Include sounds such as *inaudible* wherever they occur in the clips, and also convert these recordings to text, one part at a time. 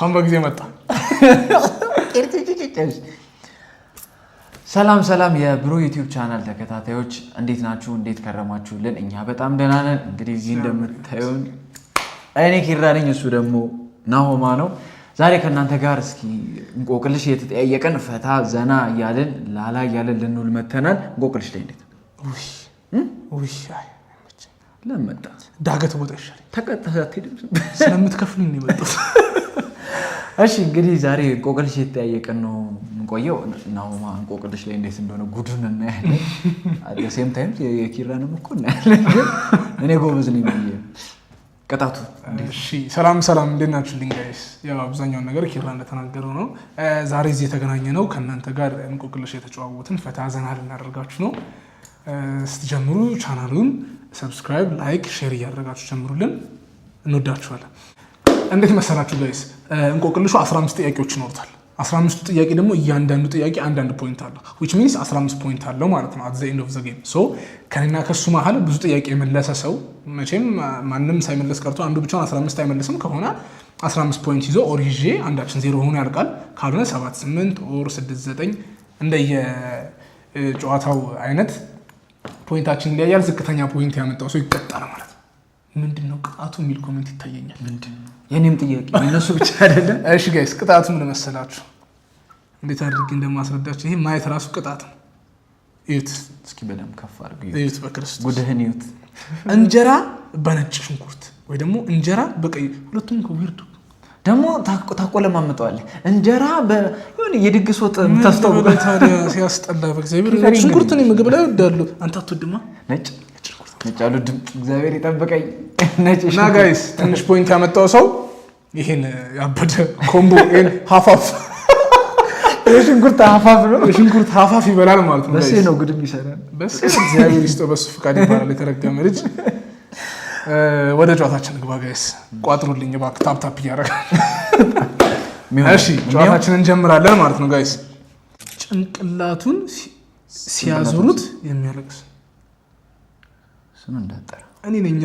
አሁን በጊዜ መጣ። *laughs* ሰላም ሰላም፣ የብሮ ዩቲዩብ ቻናል ተከታታዮች እንዴት ናችሁ? እንዴት ከረማችሁልን? እኛ በጣም ደህና ነን። እንግዲህ እዚህ እንደምታዩን እኔ ኪራ ነኝ፣ እሱ ደግሞ ናሆማ ነው። ዛሬ ከእናንተ ጋር እስኪ እንቆቅልሽ የተጠያየቀን ፈታ ዘና እያልን ላላ እያልን ልንውል መተናል። እንቆቅልሽ ላይ እንዴት ለመጣ ዳገት ቦታ ይሻለኝ። ተቀጥታ አትሄድም። ስለምትከፍሉኝ ነው *laughs* እሺ እንግዲህ ዛሬ እንቆቅልሽ የተያየቀን ነው የምንቆየው። ናሁማ እንቆቅልሽ ላይ እንዴት እንደሆነ ጉዱን እናያለን። ሴም ታይም የኪራንም እኮ እናያለን። እኔ ጎበዝ ነኝ ብዬ ቅጣቱ። ሰላም ሰላም፣ እንዴት ናችሁልኝ ጋይስ? ያው አብዛኛውን ነገር ኪራ እንደተናገረው ነው። ዛሬ እዚህ የተገናኘ ነው ከእናንተ ጋር እንቆቅልሽ የተጨዋወትን ፈታ ዘና ልናደርጋችሁ ነው። ስትጀምሩ ቻናሉን ሰብስክራይብ፣ ላይክ፣ ሼር እያደረጋችሁ ጀምሩልን። እንወዳችኋለን። እንዴት መሰላችሁ ጋይስ፣ እንቆቅልሹ 15 ጥያቄዎች ይኖሩታል። 15ቱ ጥያቄ ደግሞ እያንዳንዱ ጥያቄ አንዳንድ ፖይንት አለው። ዊች ሚንስ 15 ፖይንት አለው ማለት ነው። አት ዘ ኤንድ ኦፍ ዘ ጌም ሶ ከኔና ከሱ መሀል ብዙ ጥያቄ የመለሰ ሰው መቼም ማንም ሳይመለስ ቀርቶ አንዱ ብቻውን 15 አይመልስም ከሆነ 15 ፖይንት ይዞ ኦር ይዤ አንዳችን ዜሮ ሆኖ ያልቃል። ካልሆነ 7 8 ኦር 6 9 እንደየጨዋታው አይነት ፖይንታችን እንዲያያል ዝቅተኛ ፖይንት ያመጣው ሰው ይቀጣል ማለት ነው። ምንድን ነው ቅጣቱ የሚል ኮሜንት ይታየኛል። የኔም ጥያቄ እነሱ ብቻ አይደለም። እሺ ጋይስ ቅጣቱ ምን መሰላችሁ? እንዴት አድርጌ እንደማስረዳችሁ ይሄ ማየት ራሱ ቅጣት ነው። እዩት እስኪ በደምብ ከፍ አድርገው እዩት፣ በክርስቶስ ጉድህን እዩት። እንጀራ በነጭ ሽንኩርት ወይ ደግሞ እንጀራ በቀይ ሁለቱም ከዊርዱ ደግሞ ታቆለማምጠዋለህ። እንጀራ የሆነ የድግስ ወጥ የምታስጠው ሲያስጠላ በእግዚአብሔር ሽንኩርትን ምግብ ላይ ወዳሉ አንተ አትወድማ ነጭ ነጫሉ ድምፅ እግዚአብሔር ይጠብቀኝ። እና ጋይስ ትንሽ ፖይንት ያመጣው ሰው ይህን ያበደ ኮምቦ ይህን ሀፋፍ የሽንኩርት ሀፋፍ ነው። የሽንኩርት ሀፋፍ ይበላል ማለት ነው። በሴ ነው ግድም ይሰራል። በሴ እግዚአብሔር ይስጠው፣ በሱ ፍቃድ ይባላል። የተረገመ ልጅ። ወደ ጨዋታችን ግባ ጋይስ። ቋጥሩልኝ እባክህ፣ ታፕታፕ እያደረገ እሺ፣ ጨዋታችንን እንጀምራለን ማለት ነው ጋይስ። ጭንቅላቱን ሲያዞሩት የሚያለቅስ ስኑ እንዳጠራ እኔ ነኛ።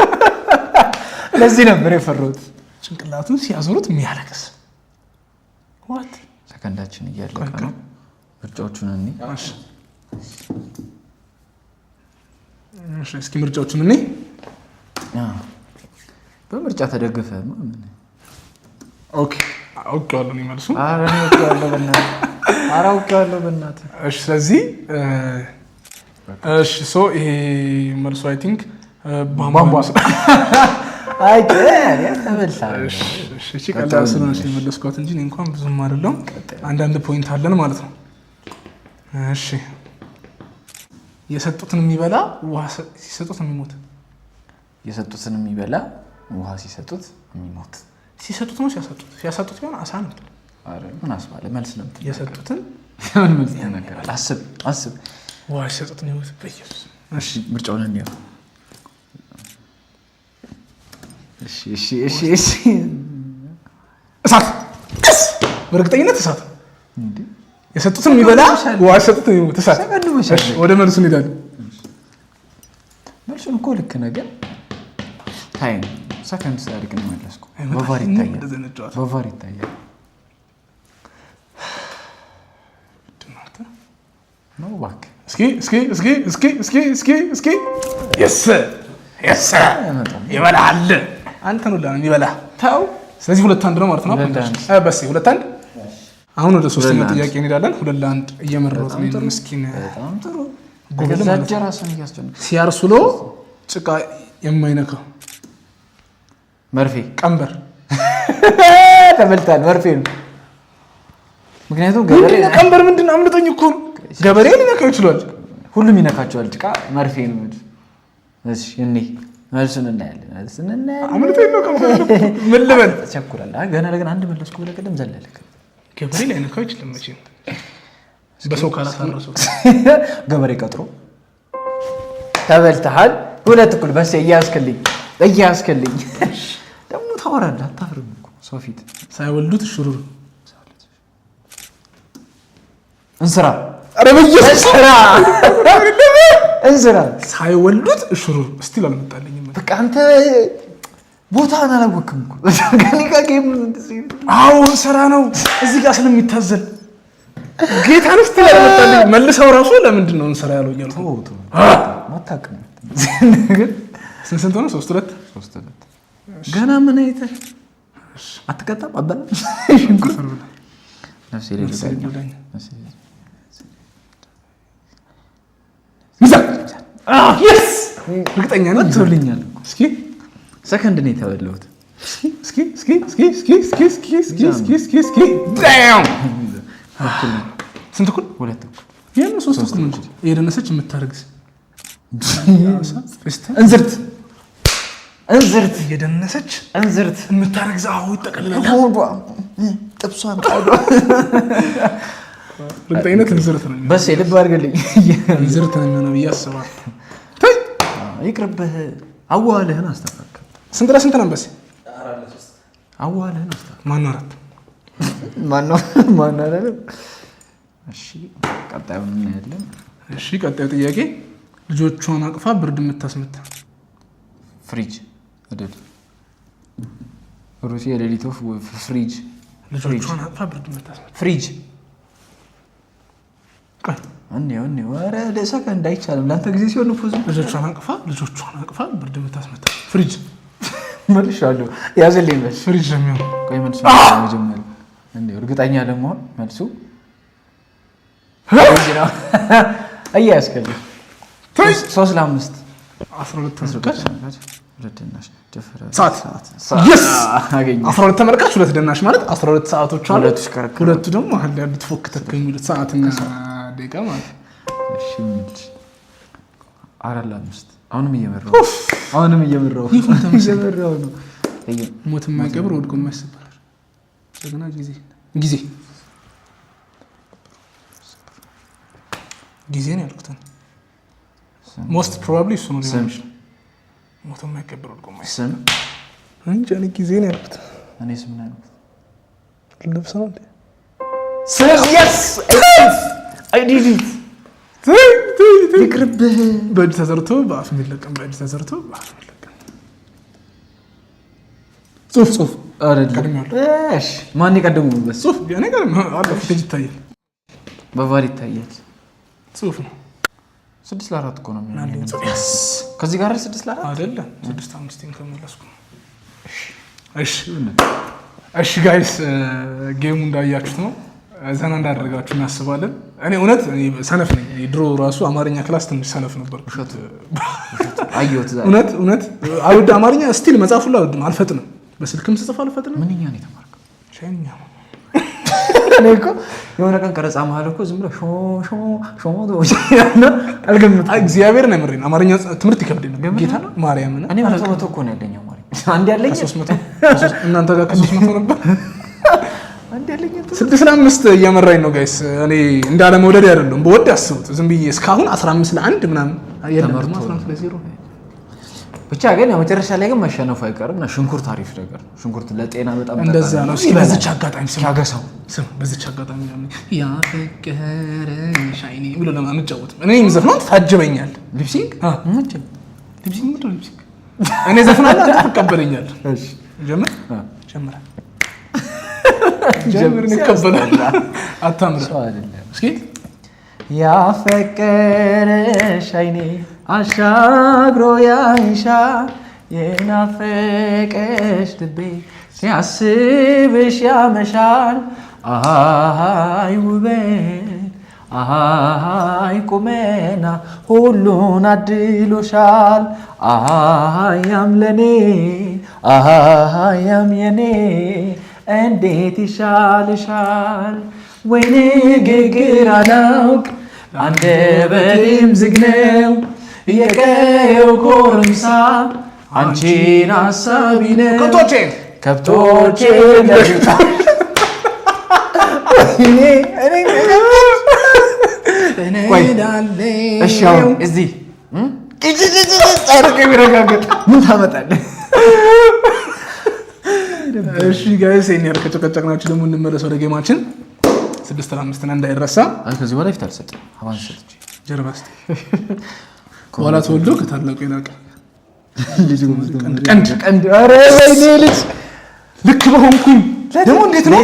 *laughs* ለዚህ ነበር የፈራሁት። ጭንቅላቱን ሲያዞሩት የሚያለቅስ ዋት ሰከንዳችን እያለቀ ነው። ምርጫዎቹን እኔ እስኪ ምርጫዎቹን እኔ በምርጫ ተደግፈ አውቄዋለሁ መልሱ። አውቄዋለሁ በእናትህ። ስለዚህ እሺ ሶ ይሄ መልሱ አይ ቲንክ ባምቧ አይ ቀላል ስለሆነች የመለስኳት እንጂ እንኳን ብዙም አይደለም። አንዳንድ ፖይንት አለን ማለት ነው። እሺ የሰጡትን የሚበላ ውሃ ሲሰጡት የሚሞት የሰጡትን የሚበላ ውሃ ሲሰጡት የሚሞት ሲሰጡት ነው ሲያሰጡት ሲያሰጡት ቢሆን አሳ ነው። ምን አስባለ መልስ ነው የሰጡትን ምን መልስ አስብ አስብ ዋይ ሰጠት ነው ይወት በኢየሱስ እሺ፣ ምርጫውን እንየው። እሺ፣ እሺ፣ እሺ፣ እሺ። እሳት በእርግጠኝነት እሳት እንዴ! የሚበላ ዋይ ሰጠት ነው ይወት እሳት። እሺ፣ ወደ መልሱ እንሄዳለን። መልሱን እኮ ልክ ነገር ታይም ሰከንድ ሳያድግ ነው መለስኩ። በቫር ይታያል፣ በቫር ይታያል። እስኪ እስኪ እስኪ እስኪ እስኪ እስኪ እስኪ የስ የስ ይበላል። አንተን ሁላ ነው የሚበላ። ተው። ስለዚህ ሁለት አንድ ነው ማለት ነው። በስ ሁለት አንድ። አሁን ወደ ሶስተኛ ጥያቄ እንሄዳለን። ሁለት ለአንድ እየመረሩት ነው። ምስኪን ሲያርሱ ሎ ጭቃ የማይነካው መርፌ ቀንበር ተበልታል። መርፌ ነው ምክንያቱም ቀንበር ምንድን ነው? አምልጠኝ እኮ ነው ገበሬ ሊነካው ይችሏል። ሁሉም ይነካቸዋል። ጭቃ መርፌ ነው። እኔ መልሱን እናያለን። መልሱን እናያለን። ገና ለገና አንድ መለስኩ ብለህ ቅድም ዘለልክ። ገበሬ ላይነካው አይችልም መቼም በሰው ካላሳረሱ ገበሬ ቀጥሮ ተበልተሃል። ሁለት እኩል በስ እያያዝክልኝ እያያዝክልኝ ደግሞ ታወራለህ። አታፍርም እኮ ሰው ፊት ሳይወልዱት ሽሩር እንስራ እንዝራ ሳይወልዱት እሽሩ እስቲል አልመጣልኝም። በቃ አንተ ቦታን አላወቅም። አሁን ስራ ነው እዚህ ጋር ስለሚታዘል ጌታ ነው ስትል መልሰው ራሱ ለምንድን ነው እንስራ ያለው እያልኩ ስንት ስንት ሆነ? ሶስት ሁለት ገና ምን አይተህ አትቀጣም አበላ እርግጠኛ ትልኛል። እስኪ ሰከንድ ነው የተበለሁት። ስንት እኩል? ሁለት እኩል። ይህን ሶስት እኩል እንችል እየደነሰች የምታደርግስ እንዝርት እንዝርት እየደነሰች እንዝርት የምታረግዝ አሁ ይጠቀልላል ጥብሷን ርግጥ አይነት እንዝርት ነው። በስ ልብ አድርግልኝ እንዝርት ነው የሚሆነው ብዬ አስባለሁ። ይቅርብህ። አዋዋልህን አስተካክል። ስንት ለስንት ነው? በስ አዋዋልህን አስተካክል። ማነው አራት ማነው አለ። እሺ ቀጣዩ እናያለን። እሺ ቀጣዩ ጥያቄ ልጆቿን አቅፋ ብርድ የምታስመታ ፍሪጅ እድል ሩሲ የሌሊት ወፍ ፍሪጅ ልጆቿን አቅፋ ብርድ የምታስመታ ፍሪጅ አይቻልም። ለአንተ ጊዜ ሲሆን ልጆቿን ልጆቿን ብርድ ፍሪጅ መልሻለሁ። ያዘልኝ ፍሪጅ የሚሆን። ቆይ መልሱ መጀመሪያ እርግጠኛ ለመሆን መልሱ ሶስት ለአምስት አስራ ሁለት ተመልካች ሁለት ደናሽ ማለት አስራ ሁለት ሰዓቶች ሁለቱ ደግሞ ያሉት ፎክ ተክ የሚሉት ሰዓትና ደቂቃ ማለት አራት ለአምስት አሁንም እየመራሁ አሁንም እየመራሁ እየመራሁ ነው። ሞት የማይቀብር ወድቆ የማይሰበራል። ጀግና ጊዜ ጊዜ ጊዜ ነው ያልኩት። ሞስት ፕሮባብሊ እሱ ነው። ሞት የማይቀብር ወድቆ የማይሰበር እንጃ። እኔ ጊዜ ነው ያልኩት። እኔ ስም ነው ያልኩት። ልብስ ነው አይዲዲት በእጅ በአፍ የሚለቀም በእጅ ተዘርቶ በአፍ የሚለቀም ጽሁፍ ጽሁፍ ማን ጽሁፍ ይታያል፣ በቫር ይታያል። ጽሁፍ ነው። ስድስት ለአራት እኮ ነው። ከዚህ ጋር ስድስት ለአራት አይደለም፣ ስድስት አምስቴን ከመለስኩ እሺ፣ ጋይስ ጌሙ uh, እንዳያችሁት ነው። ዘና እንዳደረጋችሁ እናስባለን። እኔ እውነት ሰነፍ ነኝ። የድሮ ራሱ አማርኛ ክላስ ትንሽ ሰነፍ ነበር። እውነት እውነት አልወድ አማርኛ ስቲል መጽሐፍ ሁሉ አልወድም፣ አልፈጥንም። በስልክም ስጽፍ አልፈጥንም። ምንኛ ነው የተማርከው? እኔ እኮ የሆነ ቀን ቀረጻ መሀል እኮ ዝም ብሎ አልገምት እግዚአብሔር ነው የምሬን። አማርኛ ትምህርት ይከብድ ነው ጌታ ነው ማርያም። እኔ መቶ መቶ እኮ ነው ያለኝ አማርኛ አንድ ያለኝ እናንተ ጋር ከሶስት መቶ ነበር ስድስት ለአምስት እየመራኝ ነው ጋይስ። እኔ እንዳለመውደድ አይደለም፣ በወድ አስቡት። ዝም ብዬ እስካሁን 15 ለአንድ ምናምን ብቻ ግን መጨረሻ ላይ ግን መሸነፉ አይቀርም እና ሽንኩርት አሪፍ ነገር ነው። ሽንኩርት ለጤና በጣም እንደዛ ነው። በዚች አጋጣሚ በዚች አጋጣሚ ያ ፍቅር ሻይኒ ብሎ እኔ ታጅበኛል። ሊፕሲንግ ሊፕሲንግ ሊፕሲንግ? እኔ ጀምር ጀምራል ጀምር እንቀበላለን። አታምር እስኪ ያፈቀረሽ አይኔ አሻግሮ ያይሻ የናፈቀሽ ልቤ ሲያስብሽ ያመሻል። አይ ውበን አይ ቁመና ሁሉን አድሎሻል። አያም ለኔ አያም የኔ እንዴት ይሻልሻል ወይ ንግግር አላውቅ አንደበቴም ዝግ ነው የቀየው ጎረምሳ አንቺን አሳቢ ነው ከብቶቼ ከብቶቼ እሺ አሁን እዚህ ምን ታመጣለህ? እሺ ጋይስ ይሄን ያህል ከጨቀጨቅናችሁ ደግሞ እንመለስ ወደ ጌማችን። ስድስት ለአምስት ነው እንዳይረሳ። ከዚህ በላይ ፊት አልሰጥም። ጀርባ እስኪ *laughs* በኋላ ተወልዶ ከታላቁ የላቀ *laughs* ቀንድ ልጅ ልክ በሆንኩኝ ደግሞ እንዴት ነው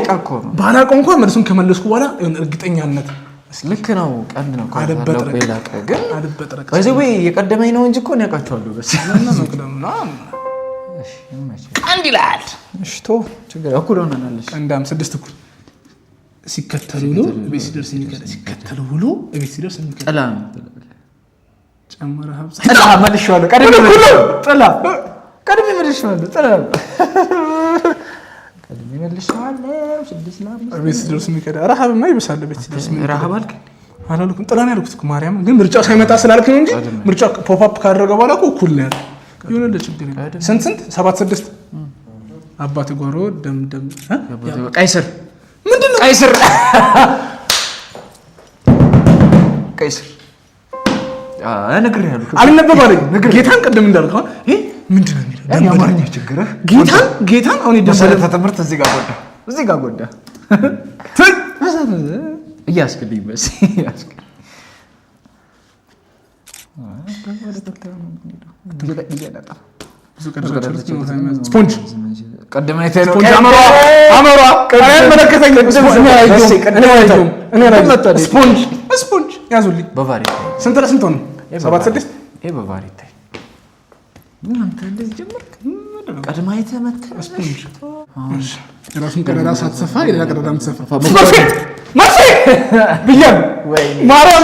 ባላውቀው እንኳን መልሱን ከመለስኩ በኋላ እርግጠኛነት ልክ ነው። ቀንድ ነው የቀደመኝ ነው እንጂ እኮ እኔ ቀንድ ይላል እሽቶ እኩል ስድስት እኩል ሲከተል ውሎ ቤት ሲደርስ ሲከተል ውሎ ቤት ሲደርስ ጨመረ መልሼዋለሁ። ቀድሜ ቀድሜ መልሼዋለሁ። ቀድሜ መልሼዋለሁ። ስድስት ቤት ሲደርስ የሚከዳ ይብሳል። ቤት ሲደርስ አልክ አላልኩም ጥላ ነው ያልኩት። ማርያም ግን ምርጫው ሳይመጣ ስላልክ ነው እንጂ ምርጫው ፖፕ ካደረገ በኋላ እኩል ነው ስንት ስንት ሰባት ስድስት አባት ጓሮ ደምደም ቀይስር ምንድን ነው ቀይስር? ጌታን ቅድም እንዳልከው ምንድን ነው የሚለው ጌታን ጌታን አሁን ትምህርት እዚህ ጋር ጎዳ፣ እዚህ ጋር ጎዳ እያስክልኝ እያስክልኝ ስፖንጅ ቅድም ያዙልኝ። ስንት ለስንት ሆነ? ሰባት ስድስት። ይሄ በቫሪ ይታይ። አንተ እንደዚህ ጀመርክ። ቀድማ አይተህ ስፖንጅ የራሱን ቀዳዳ ሳትሰፋ የሌላ ቀዳዳ የምትሰፋ ገና መቼ አየኸው? አለው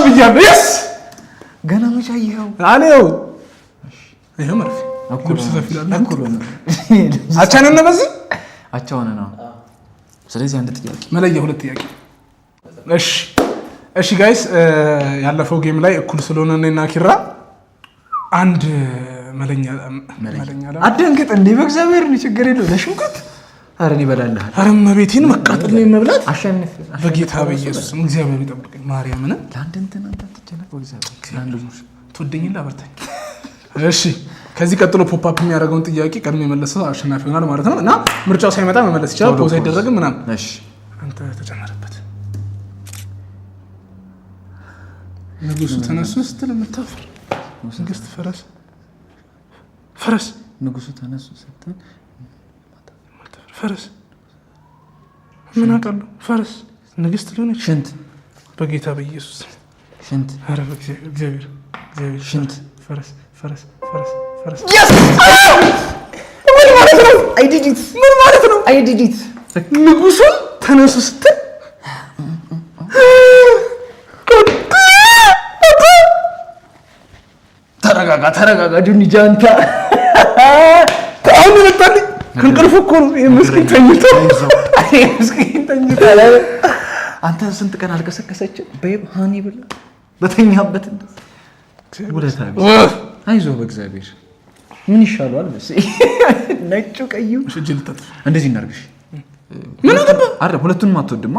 ይኸው መርፌ *laughs* አቻ ነን በዚህ አቻ ሆነ ነው። ስለዚህ አንድ ጥያቄ መለያ ሁለት ጥያቄ። እሺ እሺ ጋይስ ያለፈው ጌም ላይ እኩል ስለሆነ እና ኪራ አንድ መለኛ አደንግጥ እንዴ! በእግዚአብሔር ችግር የለው ለሽንኩት ኧረ እኔ እበላለሁ። ኧረ መቃጠል ነው የመብላት። አሸንፍ በጌታ በኢየሱስ እግዚአብሔር ይጠብቀኝ። ማርያምን ለአንድ እንትን አንተ ትወደኝላ፣ በርታኝ። እሺ ከዚህ ቀጥሎ ፖፕአፕ የሚያደርገውን ጥያቄ ቀድሞ የመለሰ አሸናፊ ይሆናል ማለት ነው እና ምርጫው ሳይመጣ መመለስ ይችላል። ፖዝ አይደረግም ምናምን። አንተ ተጨመረበት ንጉሱ ተነሱ ስትል የምታፍር ንግስት ፈረስ ፈረስ ንጉሱ ተነሱ ስትል ፈረስ ምን አውቃለሁ ፈረስ ንግስት ሊሆነች ሽንት በጌታ በኢየሱስ ሽንት ኧረ በእግዚአብሔር ሽንት ፈረስ ፈረስ ፈረስ ምን ማለት ነው? አይዲዲት ንጉሱን ተነሱ ስትል ተረጋጋ፣ ተረጋጋ ጁኒ ጃንታ አሁን መጣልኝ። ከእንቅልፉ እኮ ነው ይሄ ተኝቶ፣ ይሄ ምስኪን ተኝቶ አንተ ስንት ቀን አልቀሰቀሰችም? በይብ ሀኒ ብላ በተኛበት ውለታ አይዞህ በእግዚአብሔር ምን ይሻለዋል? *laughs* ነጩ ቀዩ እንደዚህ እናርግሽ ምን ገባ አ ሁለቱንም አትወድማ።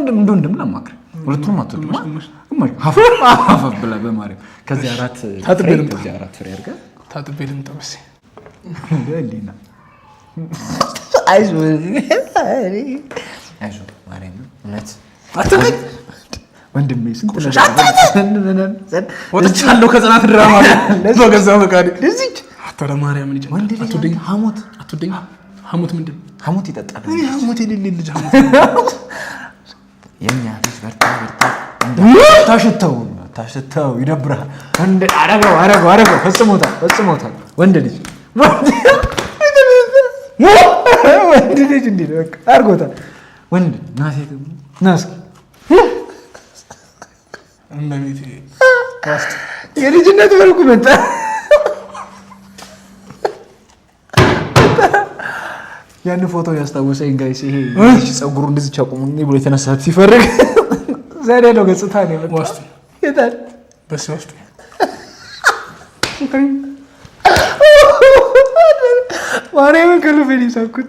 እንደ ወንድም ላማክር ሁለቱንም አትወድማ። ሀፈፍ ብላ በማርያም ከዚህ አራት ፍሬ አድርገህ ታጥቤ ልምጣ መሰለኝ። አይዞህ ወንድሜ ስንት ወጥቻለሁ ከጽናት ድራማ በገዛ ፈቃዴ አተረ ማርያም ልጅ ሐሞት አትወደኝ። ሐሞት ምንድን ሐሞት ይጠጣል። ሐሞት የሌለ ልጅ የኛ ልጅ በርታ በርታ። ታሽተው ታሽተው ይደብርሃል። አረገው አረገው አረገው። ፈጽሞታል ፈጽሞታል። ወንድ ልጅ ወንድ ልጅ እንዲ አድርጎታል። ወንድ ና ሴት ና እስኪ የልጅነት መልኩ መጣ ያን ፎቶ ያስታወሰኝ ጋይስ፣ ይሄ ፀጉሩ እንደዚህ ቻቁሙ ብሎ የተነሳት ሲፈርግ *laughs* ዛሬ ያለው ገጽታ ነው ይታል በስ ይመጣል። ማርያምን ከልቤን ሳኩት።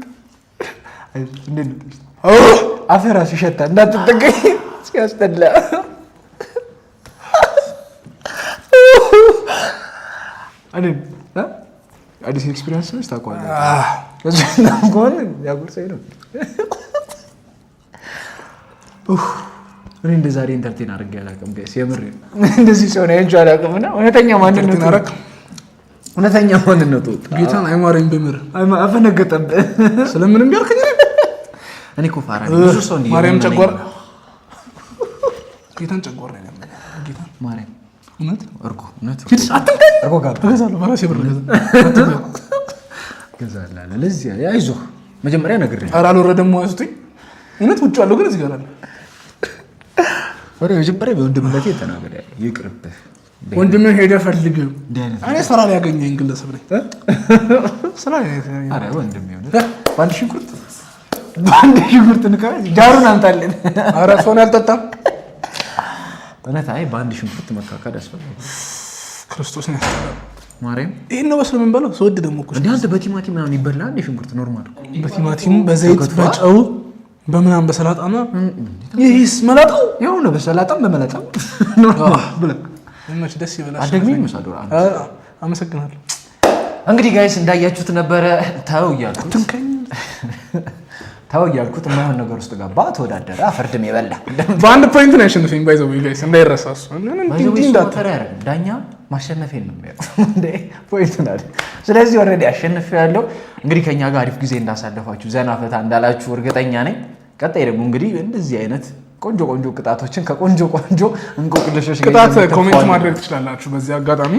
አፌ እራሱ ይሸታል እንዳትጠቀኝ *laughs* ሲያስጠላ አዲስ ኤክስፒሪንስ ታውቀዋለህ 나온 건 ያጉርሰኝ ነው። እኔ እንደ ዛሬ ኢንተርቴን አድርጌ አላውቅም። ጋይስ የምር እንደዚህ ሲሆን አይቼ አላውቅም። እና እውነተኛ ማንነቱ እውነተኛ ማንነቱ ጌታን አይማረኝ በምር አፈነገጠብህ። ስለምንም ቢያልከኝ እኔ እኮ ብዙ ሰው ማርያም ጨጓራ ጌታን ጨጓራ ጌታን ማርያም እውነት እርጎ እውነት አትምከኝ እርጎ ጋር እገዛለሁ በራሴ ብር እገዛለሁ *laughs* ትገዛላለህ። ለዚህ አይዞህ መጀመሪያ ኧረ አልወረደም እውነት ውጭ አለው ግን እዚህ ጋር አለ። ወደ መጀመሪያ በወንድምነቴ ይቅርብህ። ወንድምህ ሄደህ እኔ ስራ ላይ ያገኘኝ ግለሰብ ስራ በአንድ ሽንኩርት በአንድ ሽንኩርት ንካ ጃሩን ኧረ ሰውን አልጠጣም። እውነት አይ በአንድ ሽንኩርት መካከል ማርያም ይሄን ነው በስለ የምንበላው። ስወድ ደግሞ እኮ በቲማቲም ምናምን ይበላል እንደ ሽንኩርት ኖርማል፣ በቲማቲም በዘይት በጨው በምናምን በሰላጣና ይሄስ መላጣው ያው በሰላጣም በመላጣም ኖርማል ደስ ይበላል። አመሰግናለሁ። እንግዲህ ጋይስ እንዳያችሁት ነበረ። ተው እያልኩት ተው እያልኩት የማይሆን ነገር ውስጥ ገባ። ተወዳደረ፣ አፈርድም የበላ በአንድ ፖይንት ነው ያሸንፈኝ። ባይዘው ጋይስ እንዳይረሳሱ ዳኛ ማሸነፌን ነው የሚያውቅ እንዴ ፖይንት ናደ ስለዚህ ኦልሬዲ አሸንፍ ያለው እንግዲህ ከኛ ጋር አሪፍ ጊዜ እንዳሳለፋችሁ ዘና ፈታ እንዳላችሁ እርግጠኛ ነኝ። ቀጣይ ደግሞ እንግዲህ እንደዚህ አይነት ቆንጆ ቆንጆ ቅጣቶችን ከቆንጆ ቆንጆ እንቆቅልሾች ቅጣት ኮሜንት ማድረግ ትችላላችሁ። በዚህ አጋጣሚ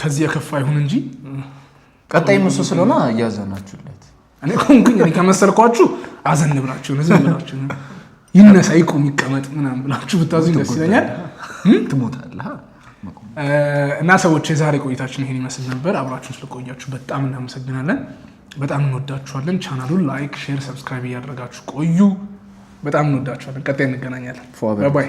ከዚህ የከፋ ይሁን እንጂ ቀጣይ ምሱ ስለሆነ እያዘናችሁለት እኔ ከመሰልኳችሁ አዘን ብላችሁ ዝም ብላችሁ ይነሳ ይቁም ይቀመጥ ምናምን ብላችሁ ብታዙኝ ደስ ይለኛል። ትሞታለህ እና ሰዎች የዛሬ ቆይታችን ይሄን ይመስል ነበር። አብራችሁን ስለቆያችሁ በጣም እናመሰግናለን። በጣም እንወዳችኋለን። ቻናሉን ላይክ፣ ሼር፣ ሰብስክራይብ እያደረጋችሁ ቆዩ። በጣም እንወዳችኋለን። ቀጣይ እንገናኛለን። ባይ